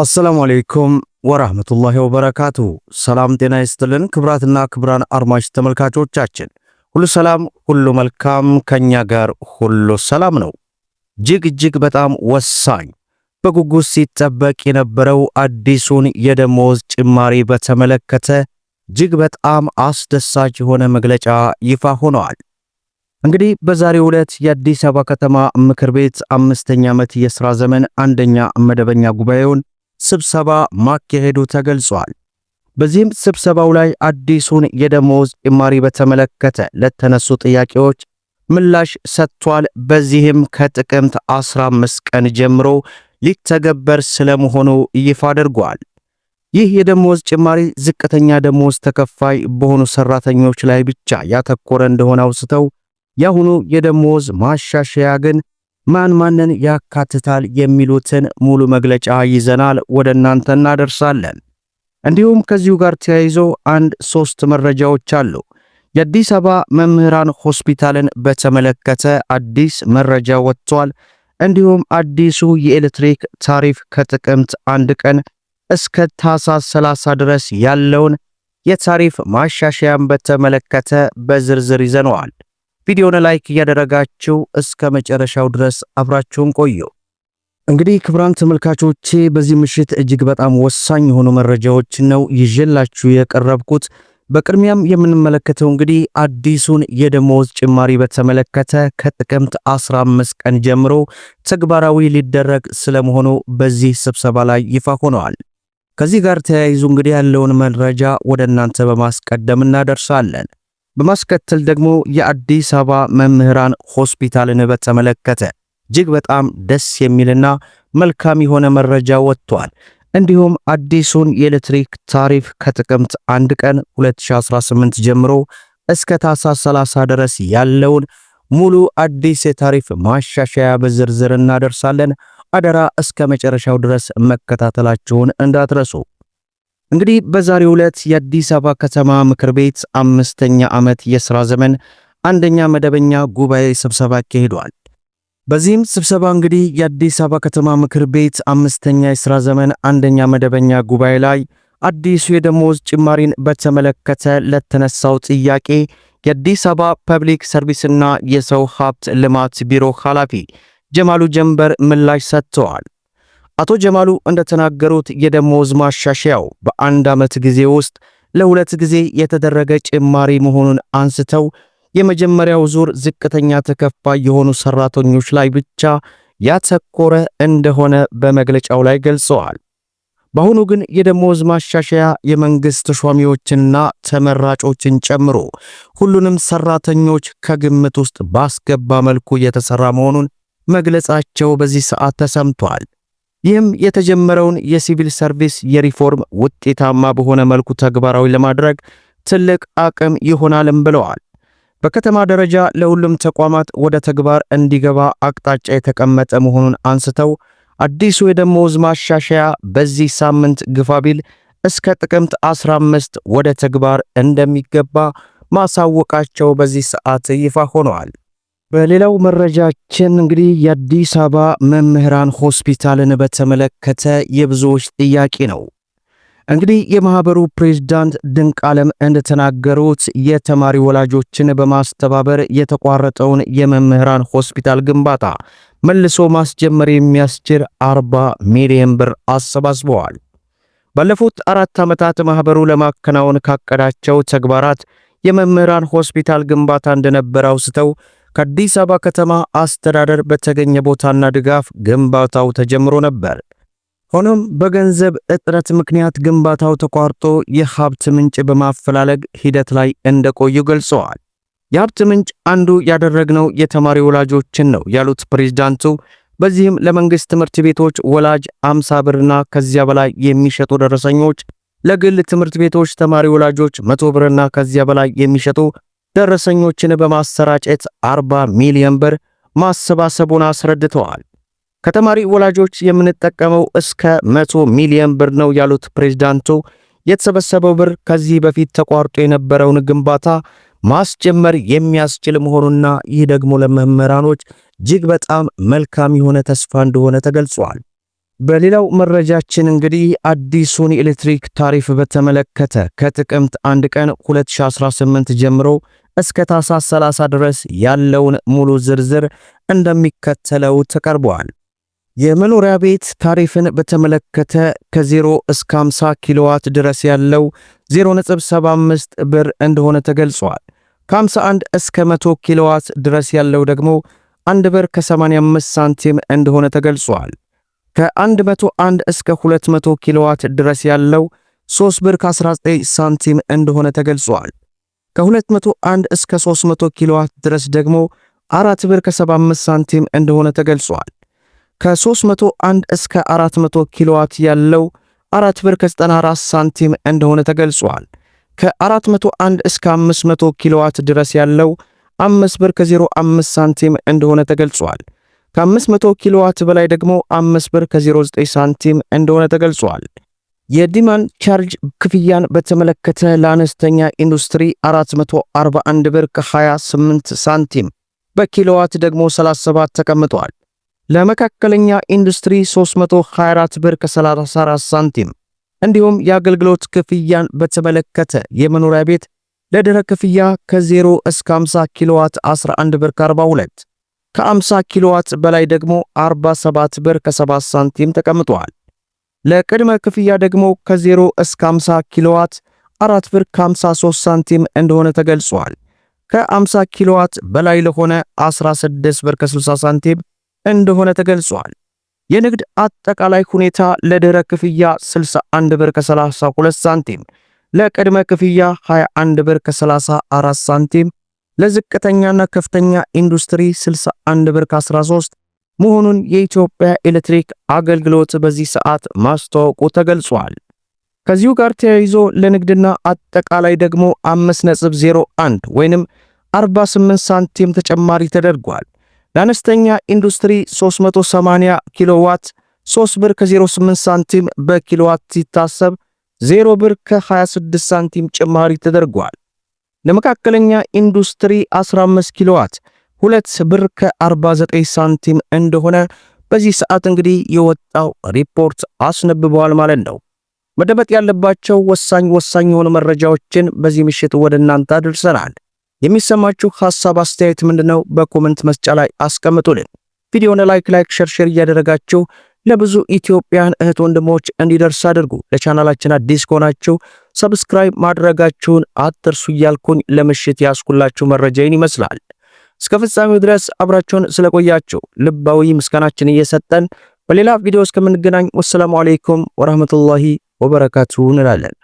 አሰላሙ አሌይኩም ወራህመቱላሂ ወበረካቱ። ሰላም ጤና ይስጥልን ክብራትና ክብራን አድማጭ ተመልካቾቻችን ሁሉ ሰላም ሁሉ መልካም፣ ከኛ ጋር ሁሉ ሰላም ነው። እጅግ እጅግ በጣም ወሳኝ በጉጉት ሲጠበቅ የነበረው አዲሱን የደሞዝ ጭማሪ በተመለከተ እጅግ በጣም አስደሳች የሆነ መግለጫ ይፋ ሆነዋል። እንግዲህ በዛሬው ዕለት የአዲስ አበባ ከተማ ምክር ቤት አምስተኛ ዓመት የሥራ ዘመን አንደኛ መደበኛ ጉባኤውን ስብሰባ ማካሄዱ ተገልጿል። በዚህም ስብሰባው ላይ አዲሱን የደሞዝ ጭማሪ በተመለከተ ለተነሱ ጥያቄዎች ምላሽ ሰጥቷል። በዚህም ከጥቅምት 15 ቀን ጀምሮ ሊተገበር ስለመሆኑ ይፋ አድርጓል። ይህ የደሞዝ ጭማሪ ዝቅተኛ ደሞዝ ተከፋይ በሆኑ ሰራተኞች ላይ ብቻ ያተኮረ እንደሆነ አውስተው የአሁኑ የደሞዝ ማሻሻያ ግን ማን ማንን ያካትታል የሚሉትን ሙሉ መግለጫ ይዘናል ወደ እናንተ እናደርሳለን። እንዲሁም ከዚሁ ጋር ተያይዞ አንድ ሶስት መረጃዎች አሉ። የአዲስ አበባ መምህራን ሆስፒታልን በተመለከተ አዲስ መረጃ ወጥቷል። እንዲሁም አዲሱ የኤሌክትሪክ ታሪፍ ከጥቅምት አንድ ቀን እስከ ታህሳስ 30 ድረስ ያለውን የታሪፍ ማሻሻያን በተመለከተ በዝርዝር ይዘነዋል። ቪዲዮን ላይክ እያደረጋችሁ እስከ መጨረሻው ድረስ አብራችሁን ቆዩ። እንግዲህ ክብራን ተመልካቾቼ በዚህ ምሽት እጅግ በጣም ወሳኝ የሆኑ መረጃዎች ነው ይዤላችሁ የቀረብኩት። በቅድሚያም የምንመለከተው እንግዲህ አዲሱን የደሞዝ ጭማሪ በተመለከተ ከጥቅምት 15 ቀን ጀምሮ ተግባራዊ ሊደረግ ስለመሆኑ በዚህ ስብሰባ ላይ ይፋ ሆነዋል። ከዚህ ጋር ተያይዞ እንግዲህ ያለውን መረጃ ወደ እናንተ በማስቀደም እናደርሳለን። በማስከተል ደግሞ የአዲስ አበባ መምህራን ሆስፒታልን በተመለከተ እጅግ በጣም ደስ የሚልና መልካም የሆነ መረጃ ወጥቷል። እንዲሁም አዲሱን የኤሌክትሪክ ታሪፍ ከጥቅምት 1 ቀን 2018 ጀምሮ እስከ ታህሳስ 30 ድረስ ያለውን ሙሉ አዲስ የታሪፍ ማሻሻያ በዝርዝር እናደርሳለን። አደራ እስከ መጨረሻው ድረስ መከታተላችሁን እንዳትረሱ። እንግዲህ በዛሬው ዕለት የአዲስ አበባ ከተማ ምክር ቤት አምስተኛ ዓመት የሥራ ዘመን አንደኛ መደበኛ ጉባኤ ስብሰባ አካሂዷል። በዚህም ስብሰባ እንግዲህ የአዲስ አበባ ከተማ ምክር ቤት አምስተኛ የሥራ ዘመን አንደኛ መደበኛ ጉባኤ ላይ አዲሱ የደሞዝ ጭማሪን በተመለከተ ለተነሳው ጥያቄ የአዲስ አበባ ፐብሊክ ሰርቪስና የሰው ሀብት ልማት ቢሮ ኃላፊ ጀማሉ ጀንበር ምላሽ ሰጥተዋል። አቶ ጀማሉ እንደተናገሩት የደሞዝ ማሻሻያው በአንድ ዓመት ጊዜ ውስጥ ለሁለት ጊዜ የተደረገ ጭማሪ መሆኑን አንስተው የመጀመሪያው ዙር ዝቅተኛ ተከፋይ የሆኑ ሰራተኞች ላይ ብቻ ያተኮረ እንደሆነ በመግለጫው ላይ ገልጸዋል። በአሁኑ ግን የደሞዝ ማሻሻያ የመንግስት ተሿሚዎችንና ተመራጮችን ጨምሮ ሁሉንም ሰራተኞች ከግምት ውስጥ ባስገባ መልኩ የተሰራ መሆኑን መግለጻቸው በዚህ ሰዓት ተሰምቷል። ይህም የተጀመረውን የሲቪል ሰርቪስ የሪፎርም ውጤታማ በሆነ መልኩ ተግባራዊ ለማድረግ ትልቅ አቅም ይሆናልም ብለዋል። በከተማ ደረጃ ለሁሉም ተቋማት ወደ ተግባር እንዲገባ አቅጣጫ የተቀመጠ መሆኑን አንስተው አዲሱ የደሞዝ ማሻሻያ በዚህ ሳምንት ግፋቢል እስከ ጥቅምት 15 ወደ ተግባር እንደሚገባ ማሳወቃቸው በዚህ ሰዓት ይፋ ሆነዋል። በሌላው መረጃችን እንግዲህ የአዲስ አበባ መምህራን ሆስፒታልን በተመለከተ የብዙዎች ጥያቄ ነው። እንግዲህ የማህበሩ ፕሬዝዳንት ዓለም እንደተናገሩት የተማሪ ወላጆችን በማስተባበር የተቋረጠውን የመምህራን ሆስፒታል ግንባታ መልሶ ማስጀመር የሚያስችል 40 ሚሊዮን ብር አሰባስበዋል። ባለፉት አራት ዓመታት ማህበሩ ለማከናወን ካቀዳቸው ተግባራት የመምህራን ሆስፒታል ግንባታ እንደነበረ አውስተው ከአዲስ አበባ ከተማ አስተዳደር በተገኘ ቦታና ድጋፍ ግንባታው ተጀምሮ ነበር። ሆኖም በገንዘብ እጥረት ምክንያት ግንባታው ተቋርጦ የሀብት ምንጭ በማፈላለግ ሂደት ላይ እንደቆዩ ገልጸዋል። የሀብት ምንጭ አንዱ ያደረግነው የተማሪ ወላጆችን ነው ያሉት ፕሬዝዳንቱ፣ በዚህም ለመንግስት ትምህርት ቤቶች ወላጅ አምሳ ብርና ከዚያ በላይ የሚሸጡ ደረሰኞች፣ ለግል ትምህርት ቤቶች ተማሪ ወላጆች መቶ ብርና ከዚያ በላይ የሚሸጡ ደረሰኞችን በማሰራጨት 40 ሚሊዮን ብር ማሰባሰቡን አስረድተዋል። ከተማሪ ወላጆች የምንጠቀመው እስከ 100 ሚሊዮን ብር ነው ያሉት ፕሬዝዳንቱ የተሰበሰበው ብር ከዚህ በፊት ተቋርጦ የነበረውን ግንባታ ማስጀመር የሚያስችል መሆኑና ይህ ደግሞ ለመምህራኖች እጅግ በጣም መልካም የሆነ ተስፋ እንደሆነ ተገልጿል። በሌላው መረጃችን እንግዲህ አዲሱን የኤሌክትሪክ ታሪፍ በተመለከተ ከጥቅምት 1 ቀን 2018 ጀምሮ እስከ ታህሳስ 30 ድረስ ያለውን ሙሉ ዝርዝር እንደሚከተለው ተቀርቧል። የመኖሪያ ቤት ታሪፍን በተመለከተ ከ0 እስከ 50 ኪሎዋት ድረስ ያለው 0.75 ብር እንደሆነ ተገልጿል። ከ51 እስከ 100 ኪሎዋት ድረስ ያለው ደግሞ 1 ብር ከ85 ሳንቲም እንደሆነ ተገልጿል። ከ101 እስከ 200 ኪሎዋት ድረስ ያለው 3 ብር ከ19 ሳንቲም እንደሆነ ተገልጿል። ከ201 እስከ 300 ኪሎዋት ድረስ ደግሞ 4 ብር ከ75 ሳንቲም እንደሆነ ተገልጿል። ከ301 እስከ 400 ኪሎዋት ያለው 4 ብር ከ94 ሳንቲም እንደሆነ ተገልጿል። ከ401 እስከ 500 ኪሎዋት ድረስ ያለው 5 ብር ከ05 ሳንቲም እንደሆነ ተገልጿል። ከ500 ኪሎዋት በላይ ደግሞ 5 ብር ከ09 ሳንቲም እንደሆነ ተገልጿል። የዲማንድ ቻርጅ ክፍያን በተመለከተ ለአነስተኛ ኢንዱስትሪ 441 ብር ከ28 ሳንቲም በኪሎዋት ደግሞ 37 ተቀምጠዋል። ለመካከለኛ ኢንዱስትሪ 324 ብር ከ34 ሳንቲም እንዲሁም የአገልግሎት ክፍያን በተመለከተ የመኖሪያ ቤት ለድረ ክፍያ ከ0 እስከ 50 ኪሎዋት 11 ብር ከ42 ከ50 ኪሎዋት በላይ ደግሞ 47 ብር ከ7 ሳንቲም ተቀምጠዋል። ለቅድመ ክፍያ ደግሞ ከ0 እስከ 50 ኪሎዋት 4 ብር ከ53 ሳንቲም እንደሆነ ተገልጿል። ከ50 ኪሎዋት በላይ ለሆነ 16 ብር ከ60 ሳንቲም እንደሆነ ተገልጿል። የንግድ አጠቃላይ ሁኔታ ለድህረ ክፍያ 61 ብር ከ32 ሳንቲም፣ ለቅድመ ክፍያ 21 ብር ከ34 ሳንቲም፣ ለዝቅተኛና ከፍተኛ ኢንዱስትሪ 61 ብር ከ13 መሆኑን የኢትዮጵያ ኤሌክትሪክ አገልግሎት በዚህ ሰዓት ማስተዋወቁ ተገልጿል። ከዚሁ ጋር ተያይዞ ለንግድና አጠቃላይ ደግሞ 5.01 ወይንም 48 ሳንቲም ተጨማሪ ተደርጓል። ለአነስተኛ ኢንዱስትሪ 380 ኪሎዋት 3 ብር ከ08 ሳንቲም በኪሎዋት ሲታሰብ 0 ብር ከ26 ሳንቲም ጭማሪ ተደርጓል። ለመካከለኛ ኢንዱስትሪ 15 ኪሎዋት ሁለት ብር ከ49 ሳንቲም እንደሆነ በዚህ ሰዓት እንግዲህ የወጣው ሪፖርት አስነብበዋል ማለት ነው። መደመጥ ያለባቸው ወሳኝ ወሳኝ የሆኑ መረጃዎችን በዚህ ምሽት ወደ እናንተ አድርሰናል። የሚሰማችሁ ሐሳብ አስተያየት ምንድነው? በኮመንት መስጫ ላይ አስቀምጡልን። ቪዲዮውን ላይክ ላይክ ሼር ሼር እያደረጋችሁ ለብዙ ኢትዮጵያን እህት ወንድሞች እንዲደርስ አድርጉ። ለቻናላችን አዲስ ከሆናችሁ ሰብስክራይብ ማድረጋችሁን አትርሱ እያልኩኝ ለምሽት ያስኩላችሁ መረጃይን ይመስላል። እስከ ፍጻሜው ድረስ አብራችሁን ስለቆያችሁ ልባዊ ምስጋናችን እየሰጠን በሌላ ቪዲዮ እስከምንገናኝ ወሰላሙ አሌይኩም ወራህመቱላሂ ወበረካቱ እንላለን።